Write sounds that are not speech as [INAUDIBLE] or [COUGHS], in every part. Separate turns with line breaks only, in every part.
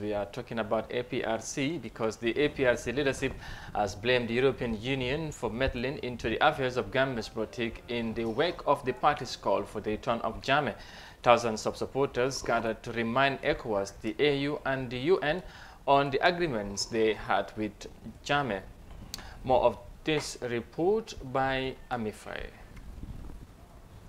We are talking about APRC because the APRC leadership has blamed the European Union for meddling into the affairs of Gambia's politic in the wake of the party's call for the return of Jame. Thousands of supporters gathered to remind ECOWAS, the AU and the UN on the agreements they had with Jame. More of this report by Amifai.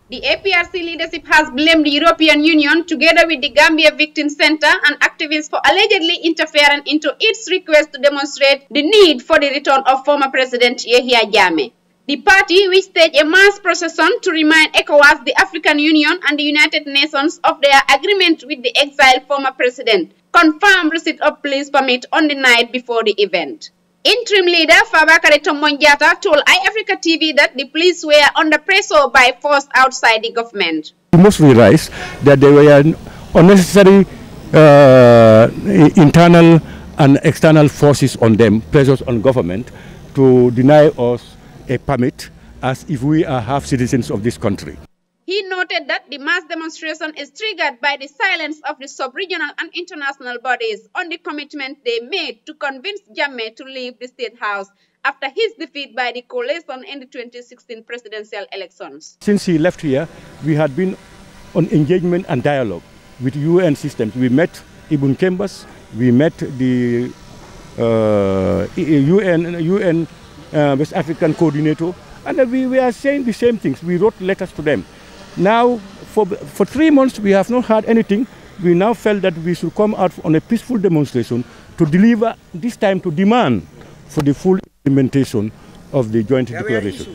The APRC leadership has blamed the European Union together with the Gambia Victim Center and activists for allegedly interfering into its request to demonstrate the need for the return of former President Yahya Jammeh. The party, which staged a mass procession to remind ECOWAS, the African Union and the United Nations of their agreement with the exiled former president, confirmed receipt of police permit on the night before the event. Interim leader Fabakary Tombonjata told iAfrica TV that the police were under pressure by force outside the government.
We must realize that there were unnecessary uh, internal and external forces on them, pressures on government, to deny us a permit as if we are half citizens of this country.
He noted that the mass demonstration is triggered by the silence of the sub-regional and international bodies on the commitment they made to convince Jammeh to leave the state house after his defeat by the coalition in the 2016 presidential elections.
Since he left here, we had been on engagement and dialogue with UN systems. We met Ibn Kembas, we met the uh, UN, UN uh, West African coordinator, and we, we are saying the same things. We wrote letters to them. Now, for, for three months, we have not had anything. We now felt that we should come out on a peaceful demonstration to deliver, this time to demand for the full implementation of the joint declaration.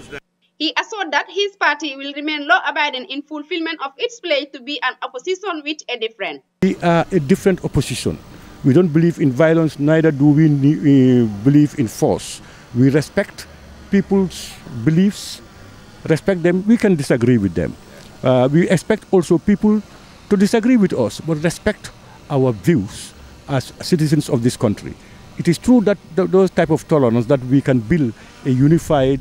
He assured that his party will remain law-abiding in fulfillment of its pledge to be an opposition with a different.
We are a different opposition. We don't believe in violence, neither do we eh, believe in force. We respect people's beliefs, respect them. We can disagree with them. Uh, we expect also people to disagree with us, but respect our views as citizens of this country. It is true that th those type of tolerance that we can build a unified,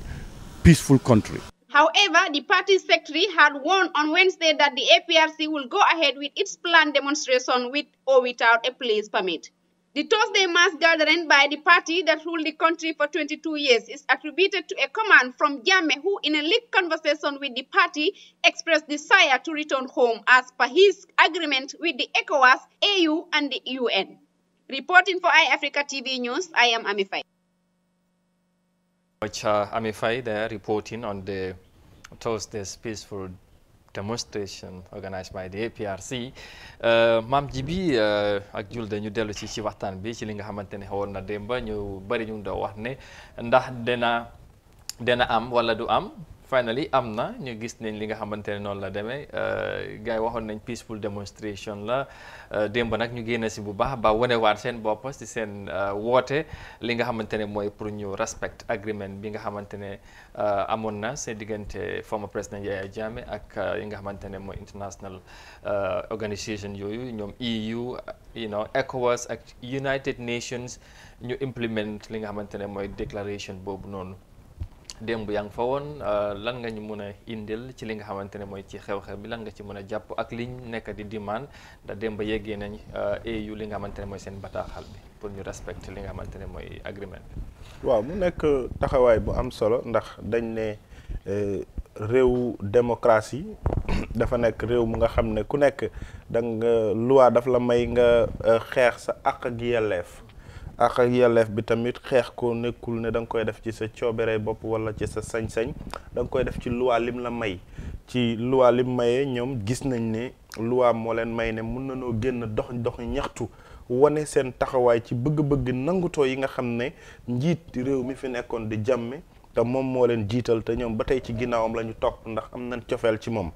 peaceful country.
However, the party secretary had warned on Wednesday that the APRC will go ahead with its planned demonstration with or without a police permit. The Thursday mass gathering by the party that ruled the country for 22 years is attributed to a command from Yame, who in a leaked conversation with the party expressed desire to return home as per his agreement with the ECOWAS, AU and the UN. Reporting for iAfrica TV News, I am Amifai.
Watch uh, Amifai there reporting on the Thursday's peaceful demonstration organized by the APRC euh mam jibi euh ak jul dañu delu bi silinga li nga xamantene na demba ñu bari ñu do wax ne ndax dena dena am waladu am finally am na ñu gis nañ li nga xamante ne noonu la demee euh, gars yi waxoon nañ peaceful demonstration la euh, démb nag ñu génn si bu baax ba wane waar seen bopp si seen euh, woote li nga xamante ne mooy pour ñu respect agreement bi nga xamante ne amoon na seen diggante former président Yaya Jammeh ak yi nga xamante ne mooy international organisation yooyu ñoom EU you know ECOWAS ak United Nations ñu implement li nga xamante ne mooy déclaration boobu noonu. démb yaa ngi fa woon eh, lan nga ñu mën a indil ci li nga xamante ne mooy ci xew-xew bi lan nga ci mën a jàpp ak liñ nekk di demande da démb yeggee nañ EU eh, li nga xamante ne mooy seen bataaxal bi pour ñu respect li nga xamante ne agreement bi.
waaw mu nekk taxawaay bu am solo ndax dañ ne eh, réew démocratie [COUGHS] dafa nekk réew mu nga xam ne ku nekk da nga loi daf la may nga xeex sa àq gi yelleef. ak ak yelleef bi tamit xeex ko nekkul ne da nga koy def ci sa coobere bopp wala ci sa sañ-sañ da nga koy def ci loi la may ci loi mayee ñoom gis nañ ne loi moo leen may ne mun nañoo génn dox dox ñaxtu wane seen taxawaay ci bëgg-bëgg nangutoo yi nga xam ne njiit réew mi fi nekkoon di jàmme te moom moo leen jiital te ñoom ba tey ci ginnaawam la ñu topp ndax am nañ cofeel ci moom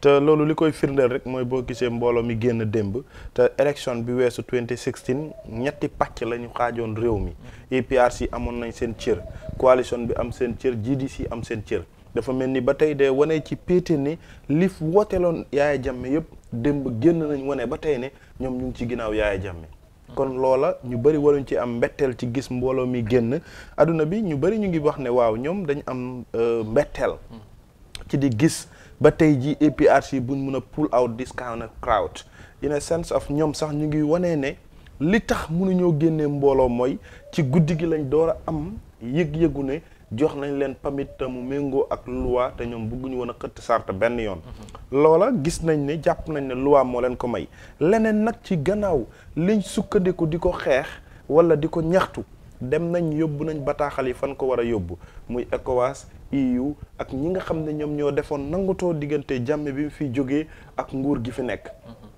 te loolu li koy firndeel rek mooy boo gisee mbooloo mi génn démb te élection bi weesu 2016 ñetti pàcc la ñu xaajoon réew mi APRC amoon nañ seen cër coalition bi am seen cër GDC am seen cër dafa mel ni ba tey de wane ci péete ni li wooteeloon Yaaya Jammeh yëpp démb génn nañ wane ba tey ne ñoom ñu ngi ci ginnaaw Yaaya Jammeh kon loola ñu bëri waruñ ci am mbetteel ci gis mbooloo mi génn adduna bi ñu bari ñu ngi wax ne waaw ñoom dañu am euh, mbetteel ci di gis ba tey ji APRC buñ mun a pull out this kind of crowd in a sense of ñoom sax ñu ngi wanee ne li tax mënuñoo génnee mbooloo mooy ci guddi gi lañ door a am yëg-yëgu ne jox nañ leen pamit mu méngoo ak loi te ñoom bëgguñu woon a xëtt sarta benn yoon loola gis nañ ne jàpp nañ ne loi moo leen ko may leneen nag ci gannaaw liñ sukkandiku di ko xeex wala di ko ñaxtu dem nañ yóbbu nañ bataaxal yi fan ko war a yóbbu muy ekowaas EU ak ñi nga xam ne ñoom ñoo defoon nangutoo diggante jàmm bi mu fiy jóge ak nguur gi fi nekk mm-hmm.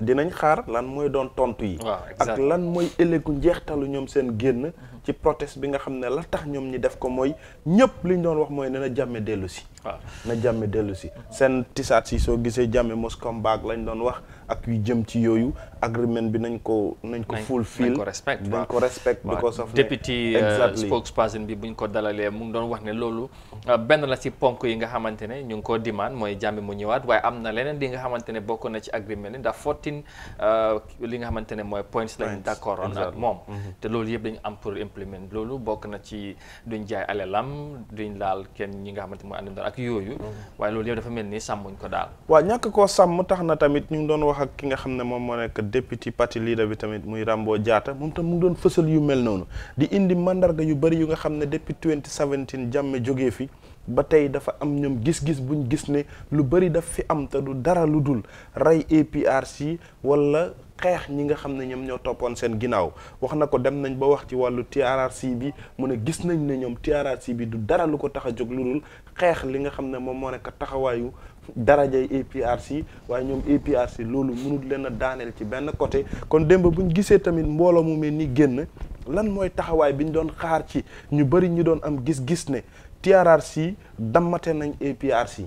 dinañ xaar lan mooy doon tontu yi. ak lan mooy ëllëgu njeextalu ñoom seen génn. Mhm. ci protest bi nga xam ne la tax ñoom ñi def ko mooy ñëpp li ñu doon wax mooy ne na jàmme dellu si. na jàmme dellu si mhm. seen tisaat si soo gisee jàmme mos comme baag lañ doon wax. ak yu jëm ci yoyu agreement bi nañ ko nañ ko fulfill nañ ko respect nañ ko respect because of deputy euh,
spokesperson bi buñ ko dalalé mu ngi doon wax ne lolu euh, ben la si ponk yi nga xamantene ñu ngi ko demand moy jambi mu ñëwaat waye amna leneen li nga xamantene bokku na ci agreement ni da 14 li nga xamantene moy points lañ d'accord on ak mom té lolu yëpp dañu am pour implement lolu bokku na ci duñ jaay alelam duñ laal kenn ñi nga xamantene mo andal ak yoyu mhm. waye lolu yëpp dafa melni sam buñ ko daal
wa ñak ko sam tax na tamit ñu ngi doon wax wax ak ki nga xam ne moom moo nekk député parti leader bi tamit muy Rambo jaata moom tam mu ngi doon fësal yu mel noonu di indi mandarga yu bëri yu nga xam ne depuis 2017 jàmme jógee fi ba tey dafa am ñoom gis-gis bu buñ gis ne lu bëri daf fi am te du dara lu dul rey APRC walla xeex ñi nga xam ne ñoom ñoo toppoon seen ginnaaw wax na ko dem nañ ba wax ci wàllu TRRC bi mu ne gis nañ ne ñoom TRRC bi du dara lu ko tax a jóg lu dul xeex li nga xam ne moom moo nekk taxawaayu darajay APRC waaye ñoom APRC loolu mënul leen a daaneel ci benn côté kon démb bu ñu gisee tamit mbooloo mu mel ni génn lan mooy taxawaay bi ñu doon xaar ci ñu bëri ñu doon am gis-gis ne TRRC dammate nañ APRC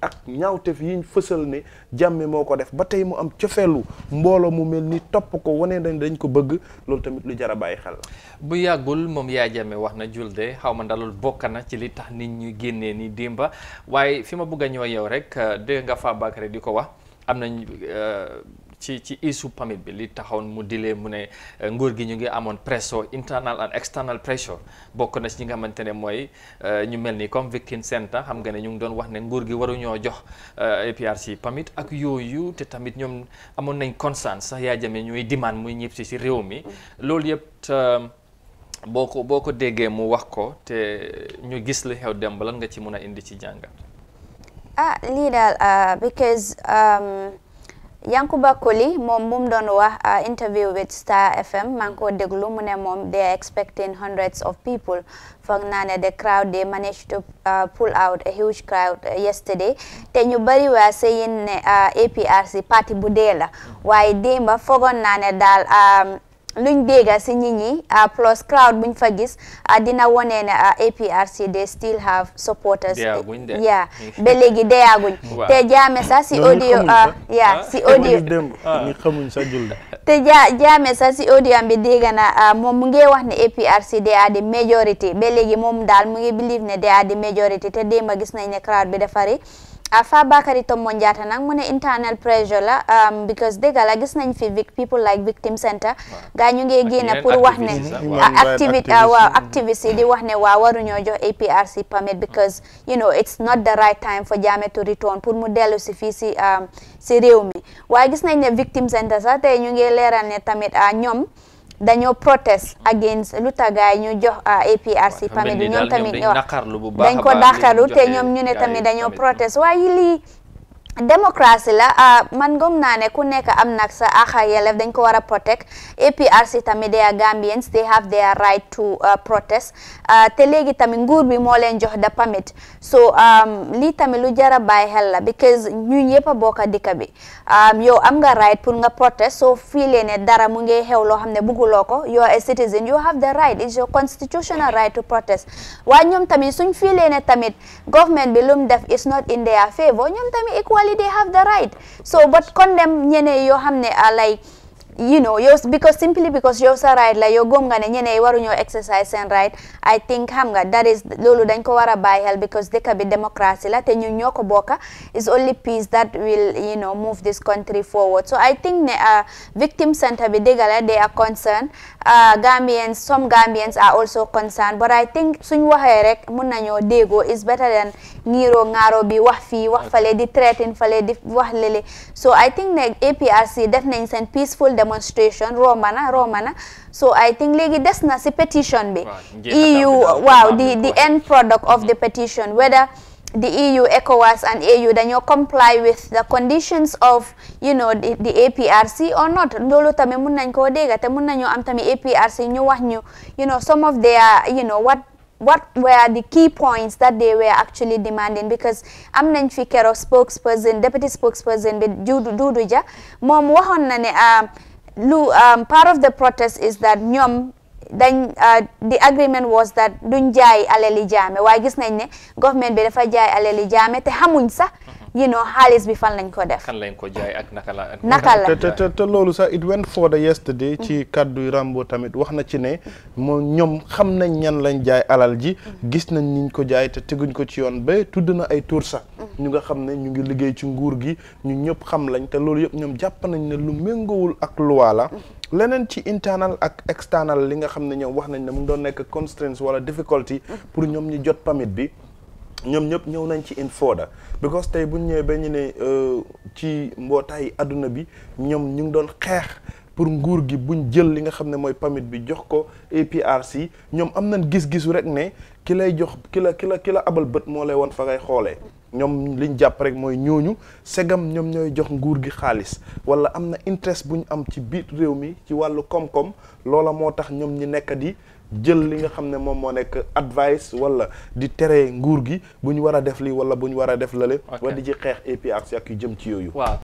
ak ñaawteef yiñ fësal ne jàmme moo ko def ba tey mu am cofeelu mbooloo mu mel ni topp ko wane dañ dañ ko bëgg
loolu tamit lu jar a bàyyi xel bu yàggul moom yaa jàmme wax na julde xaw ma ndalul bokk na ci li tax nit ñu génnee ni démba waaye fi ma bëgg a ñëw yow rek dégg nga fa Bakary di ko wax am nañ euh, ci ci isu pamit bi li taxawoon mu dilé mu né eh, nguur gi ñu ngi amone pressure internal and external pressure bokk na ci nga xamantene moy eh, ñu melni comme victim Center xam nga né ñu ngi doon wax né nguur gi ñoo jox eh, APRC pamit ak yoyu té tamit ñom amone nañ concern sax ya jame ñuy demand muy ñepp si ci réew mi lool yépp boko boko déggé mu wax ko te ñu gis li xew dem ba lan nga ci mëna indi ci
ah uh, because um, Yankuba Koli moom mu mu doon wax ah, interview with Star FM maa ngi ko déglu mu ne moom they are expecting hundreds of people foog naa ne the crowd they managed to ah, pull out a huge crowd yesterday te ñu bari waa saying ne ah, a parti bu dee la mm. waaye démba foogoon naa ne daal luñ dégga si nit ñi ah, plus crowd buñ fa gis ah, dina wone ne APRC ah, they still have supporters yeah ba léegi deyaaguñ [LAUGHS] te jaame sax si audio yeah si audio
ñi
te jaame sax si audio am bi dégga moom mu ngi wax ne APRC they are di majority ba léegi moom daal mu ngi believe ne they are the majority te démba gis nañ ne crowd bi defari Afa Bakary Tombong Jatta nag mu ne internal pressure la um, because dëgg la gis nañ fi people like victim center gaa ñu ngi génn pour wax ne activité waaw uh, activist di wax ne waa waru ñoo jox APRC permit because you know it's not the right time for Jammeh to return pour mu dellu si fii si um, si réew mi waa gis nañ ne victim center sax tey ñu nge leeral ne tamit uh, ñoom dañoo protest against lu tagaay ñu jox APRC ah, permit bi ñoom tamit
dañ ko dàqalu te ñoom ñu ne tamit dañoo
protest waaye lii démocratie la ah, man gëm naa ne ku nekk am nag sa àq ak dañ ko war a protect APRC tamit they are Gambians they have their right to ah, protest te léegi tamit nguur bi moo leen jox da permit so um, lii tamit lu jara baay xel la because ñu ñëpp a bokk dikka bi um, yow am nga right pour nga protest soo fiilee ne dara mu nge xew loo xam ne bugguloo ko you are a citizen you have the right it's your constitutional right to protest waaye ñoom tamit suñ fiilee ne tamit government bi lu mu def is not in their favor ñoom tamit equally they have the right so but condemn ñeneen yoo xam ne uh, like you know yours because simply because you are right like you gom nga you ñeneen yi waruñoo exercise and right I think Hamga, that is Lulu dañ ko war a because dëkk can be la te ñun ñoo ko is only peace that will you know move this country forward so I think ne uh, victim centre bi they are concerned uh, Gambians some Gambians are also concerned but I think suñ waxee Munanyo Dego, is better than Niro ngaaroo bi Wafale fii wax fale di threaten fale di so I think the APRC definitely send peaceful. peaceful démonstration romba na romba na so I think léegi des na si pétition bi EU waaw the the end product of the petition whether the EU, ECOWAS and AU dañoo comply with the conditions of the APRC or not loolu tamit mun na koo dégg te mun nañoo am tami APRC ñu wax ñu you know some of their you know what what were the key points that they were actually demanding because am nañ fi keroog spokesperson deputy spokesperson bi Doudou Dia moom waxoon ne ah, lu um, part of the protest is that ñoom dañ uh, the agreement was that duñ jaay alali jaame waaye gis nañ ne government bi dafa jaay alali jaame te xamuñ sax you know xaalis bi fan lañ ko def.
kan lañ ko jaay ak naka la. naka la te
te loolu sax it went for the yesterday. ci mm-hmm. kàddu Rambo tamit wax na ci ne. moom ñoom xam nañ ñan lañ jaay alal ji. Mm-hmm. gis nañ niñ ko jaay te teguñ ko ci yoon ba tudd na ay tuur sax. Mm-hmm. ñu nga xam ne ñu ngi liggéey ci nguur gi ñu ñëpp xam lañ te loolu yëpp ñoom jàpp nañ ne lu méngoowul ak luwaala leneen ci internal ak external li nga xam ne ñoom wax nañ ne mu ngi doon nekk constraints wala difficulty pour ñoom ñu jot pamit bi. ñoom ñëpp ñëw nañ ci in fooda because tey bu ñu ñëwee ba ñu ne euh, ci mbootaay àdduna bi ñoom ñu ngi doon xeex pour nguur gi buñ jël li nga xam ne mooy pamit bi jox ko si ñoom am nañ gis-gisu rek ne ki lay jox ki la ki la abal bët moo lay woon fa ngay xoolee ñoom liñ jàpp rek mooy ñooñu segam ñoom ñooy jox nguur gi xaalis wala am na interest bu ñu am ci biir réew mi ci wàllu koom-koom loola moo tax ñoom ñi nekk di jël li nga xam ne moom moo nekk advice wala di tere nguur gi bu ñu war a def lii wala bu ñu war a def lale wala di ci xeex et puis ak yu jëm ci yooyu. waaw